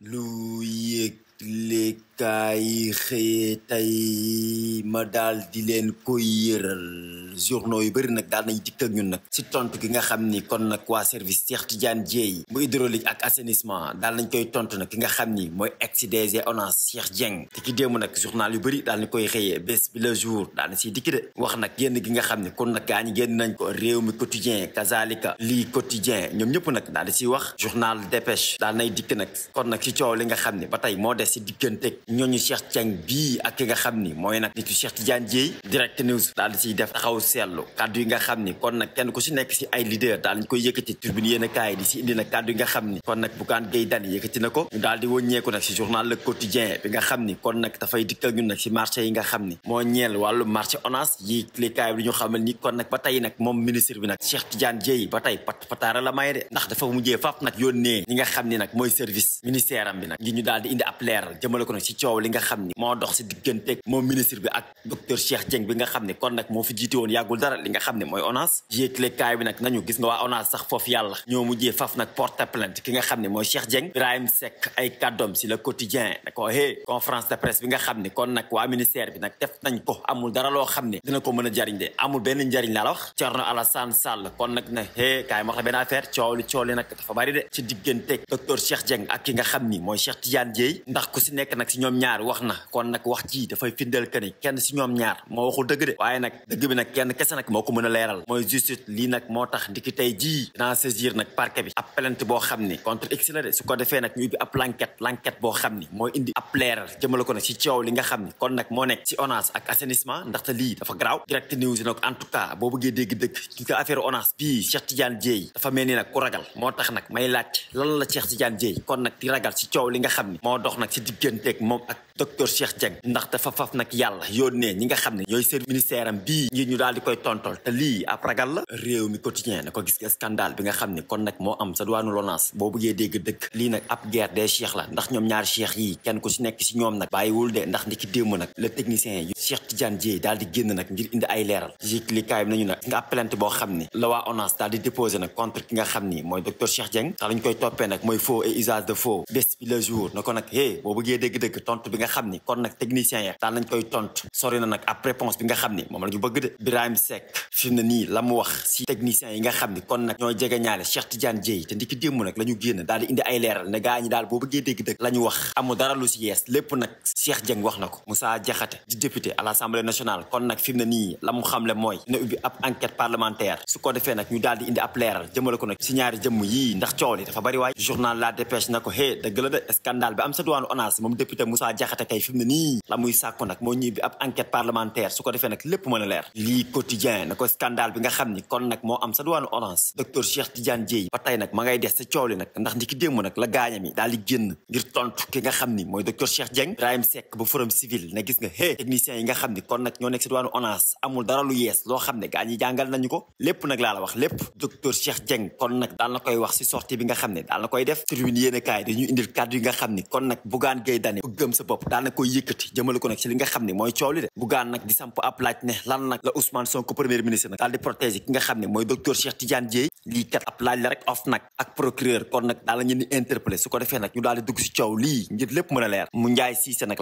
Louis. kaay xëyee tey ma daal di leen koy yëral journaux yu bëri nag daal nañ dikk ak ñun nag si tontu gi nga xam ni kon nag waa service Cheikh Tidiane Dieye bu hydraulique ak assainissement daal nañ koy tontu nag ki nga xam ni mooy ex DG ONAS Cheikh Dieng te ki démb nag journal yu bëri daal nañ koy xëyee bés bi le jour daal na siy dikk de wax nag génn gi nga xam ne kon nag gaa ñi génn nañ ko réew mi quotidien kazalika lii quotidien ñoom ñëpp nag daal di siy wax journal dépêche daal nay dikk nag kon nag si coow li nga xam ne ba tey moo des si diggante ñooñu Cheikh Diagne bii ak ki nga xam ni mooy nag nitu Cheikh Tidiane Dieye direct news daal di siy def taxaw seetlu yi nga xam ni kon nag kenn ku si nekk si ay leader daal ñu koy yëkkati turbine yéen a si indi nag kàddu yi nga xam ni kon nag Bougane Gueye na ko daal di wëññeeku nag si journal Le Quotidien bi nga xam ni kon nag dafay dikkal ñun si marché yi nga xam ni moo ñeel wàllu marché ONAS yi likaay xamal ni kon nag ba tey nag moom ministre bi nag Cheikh Tidiane Dieye ba tey pat pataara la may de ndax dafa mujjee faaf nag yónnee ñi nga xam ni nag mooy service ministère bi nag ngir ñu daal di indi ab leeral jëmale ko nag si coow li nga xam ni moo dox si diggante moom ministre bi ak docteur Cheikh Dieng bi nga xam ne mooy ONAS yéegle kaay bi nag nañu xam ne mooy Cheikh Dieng Birahim Seck ay bi nga xam ne loo xam ne dina ko mën a jariñ de amul benn njariñ laa la wax Thierno Alassane Sall ma wax la benn affaire coow li coow li ak ki nga xam ni mooy Cheikh Tidiane Dieye ndax ku si nekk nag si ñoom ñaar wax na kon nag moo a leeral mooy justice la de indi ab leeral jëmale ko nag si coow li nga xam ni kon nag moo bëggee dégg dëgg ci ko affaire ONAS bii Cheikh Tidiane Dieye dafa mel ni nag ku ragal moo tax nag may laaj lan la Cheikh Tidiane kon nag di ragal si coow li nga xam ni moo dox nag si digganteeg moom ak docteur Cheikh Dieng ndax dafa faf nag yàlla yónnee ñi nga xam ne ñooy seen ministère bii ngir ñu daal koy tontol te lii ab ragal la réew mi quotidien na ko gis nga xam ne kon nag ku si nekk si ñoom nag bàyyiwul de ndax ndiki démb la waa ONAS daal mooy docteur Cheikh Dieng tax lañ koy toppee nag mooy faux et usage de faux bés bi le jour na ko nag hé boo bëggee dégg dëgg tontu bi nga xam ni kon nag technicien ya daan nañ koy tontu sori na nag ab réponse bi nga xam ni moom la ñu bëgg de Birahim Seck fàttali na nii la mu wax si techniciens yi nga xam ne kon nag ñoo jege ñaale Cheikh Tidiane Dieye te ndiki démb nag la génn daal di indi ay leeral ne gaa daal boo bëggee dégg dëgg la na ko Moussa Diakhaté di député à l'Assemblée nationale kon ab su ko defee nag ñu daal di indi ab leeral jëmale ko nag si ñaari jëmm yii ndax coow li dafa bari waay journal La Dépêche na ko hé dëgg la de scandale bi am sa duwaanu ONAS moom député Moussa Diakhaté kay fi mu ne nii la sàkku nag moo ñibbi ab enquête parlementaire su ko defee nag lépp mën a leer lii scandale bi nga xam ni kon nag moo am sa duwaanu sa bopp daal na koy yëkkati jëmale ko nag si li nga xam ni mooy coow de Bougane nag di samp ab laaj ne lan nag la Ousmane Sonko premier ministre ministre nag daal di protéger ki nga xam ne mooy docteur Cheikh Tidiane lii kat ab laaj la rek of nag ak procureur kon nag daal la ñeen di interpellé su ko defee nag ñu daal di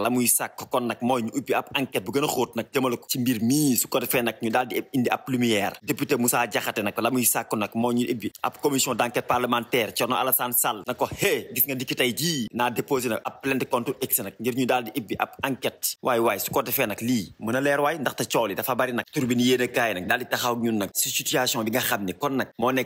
la muy sàkk kon nag mooy ñu ubbi ab enquête bu gën a xóot nag jëmale ko ci mbir mii di indi ab lumière député Moussa Diakhaté nag la muy nag moo ñu ubbi ab commission d' enquête parlementaire Thierno Alassane Sall na ko hé gis nga ndiki jii naa déposé nag ab plainte contre X nag ngir ñu daal di ubbi ab enquête waay waay su ko defee nag lii mën a leer waay ndaxte coow li dafa bari nag turbine yéen nag daal di taxaw ñun nag si situation bi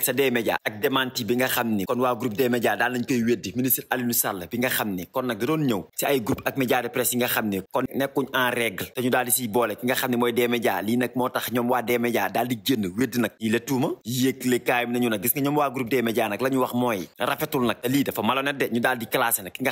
sa D-Média ak démenti bi nga xam ni kon waa groupe D-Média daal nañ koy weddi ministre Aliou Sall bi nga xam ni kon nag da ñëw si ay groupe ak média de presse yi nga xam ni kon nekkuñ en règle te ñu daal di siy boole ki nga xam ne mooy D-Média lii nag moo tax ñoom waa D-Média daal di génn weddi nag yi la tuuma yéegle kaay bi nag gis nga ñoom waa groupe D-Média nag la wax mooy rafetul nag lii dafa malhonnête de ñu daal di classé nag ki nga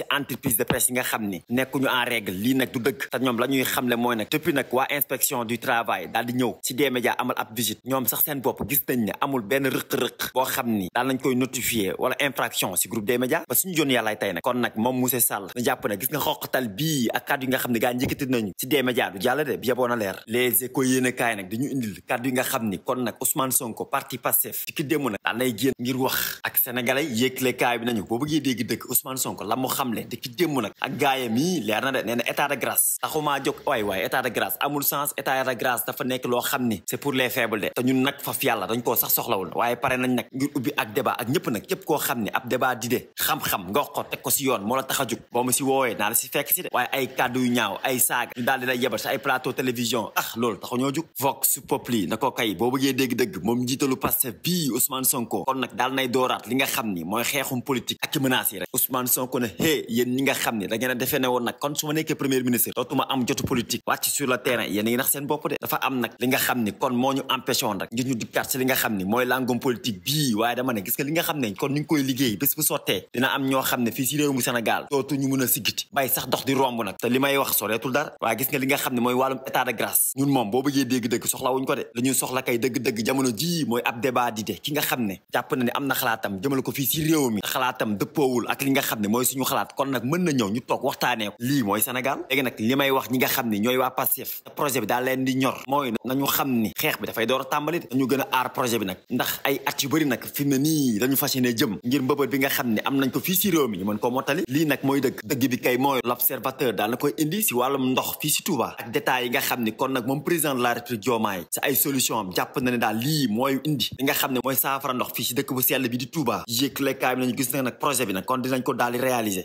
ci entreprise de presse yi nga xam ni nekkuñu en règle lii nag du dëgg te ñoom la ñuy xamle mooy nag depuis nag waa inspection du travail daal di ñëw ci D-Média amal ab visite ñoom sax seen bopp gis nañ ne amul benn rëq-rëq boo xam ni daal nañ koy notifié wala infraction ci groupe D-Média ba suñu joon yàllaay tey nag kon nag moom monsieur Sall na jàpp ne gis nga xoqatal bii ak ne gaa njëkkati nañu ci D-Média du jàll de bi yaboon a leer les échos yéene kaay nag dañu indil kàddu yi nga xam ni kon nag Ousmane son parti Pastef ci ki dému nag daal nay génn ngir wax ak sénégalais yéegle kaay bi nañu boo bëggee dégg dëgg Ousmane Sonko la mu xam xamle te ki démb nag ak gaayam yi leer na de nee na état de grâce taxumaa jóg waay waay état de grâce amul sens état de grâce dafa nekk loo xam ni c'est pour les faibles de te ñun nag koo ngir ubbi ak débat ak ñëpp nag képp koo xam ne ab débat di de ko teg yoon moo tax a jug boo mu si woowee naa la si fekk si de waaye ay kàddu yu ñaaw ay saaga ñu daal di lay yebal ah, na ko kay boo bëggee dégg-dëgg moom njiitalu Pastef bii Ousmane Sonko kon nag daal nay dooraat li nga xam ni mooy xeexum politique ak menace yi rek Sonko ne hé loolee yéen xam ne da ngeen a defee ne woon nag kon nekkee premier ministre dootuma am jotu politique wàcc sur le terrain yéen nax seen bopp de dafa am nag li nga xam ne si réew mu soxla kay dëgg-dëgg jamono ji mooy ab débat di de ki nga xam ne jàpp na ne am na xalaatam jëmale ko fii si réew mi xalaatam dëppoowul ak li nga xam ne mooy suñu xalaat xalaat kon nag mën na ñëw ñu toog waxtaanee ko lii mooy Sénégal léegi nag may wax ñi nga xam ni ñooy waa Pastef te projet bi daa leen di ñor mooy nañu xam ni xeex bi a tàmbali gën a aar bi nag ndax ay at yu bëri nag fi mu ne nii dañu fas bi nga xam ne am nañ ko si réew mi ñu mën ko mottali lii nag mooy dëgg dëgg bi kay mooy l'observateur daal na koy indi si wàllum ndox fii si Touba ak détails yi nga xam ni kon nag moom président de la République Diomaye si solution am jàpp na ne lii mooy indi li nga xam ne mooy saafara ndox fii si dëkk bu sell bi di Touba yéeg lekkaay bi nañu gis nag projet bi nag kon dinañ ko daal réaliser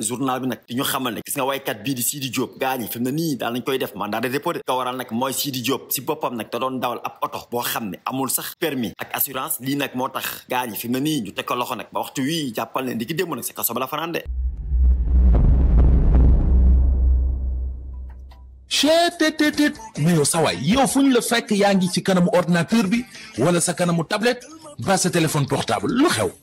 journal bi nag di ñu xamal ne gis nga waykat bii di Sidi Diop gaañi fi mu ne nii daal nañ koy def mandat de dépôt de ko waral nag mooy Sidi Diop si boppam nag te doon dawal ab oto boo xam ne amul sax permis ak assurance lii nag moo tax gaañi fi mu ni nii ñu teg loxo nag ba waxtu wii jàppal ne di ki démb nag si ka ba la fanaan de cheetetetet mais yow sawaay yow fu ñu la fekk yaa ngi ci kanamu ordinateur bi wala sa kanamu tablette ba sa téléphone portable lu xew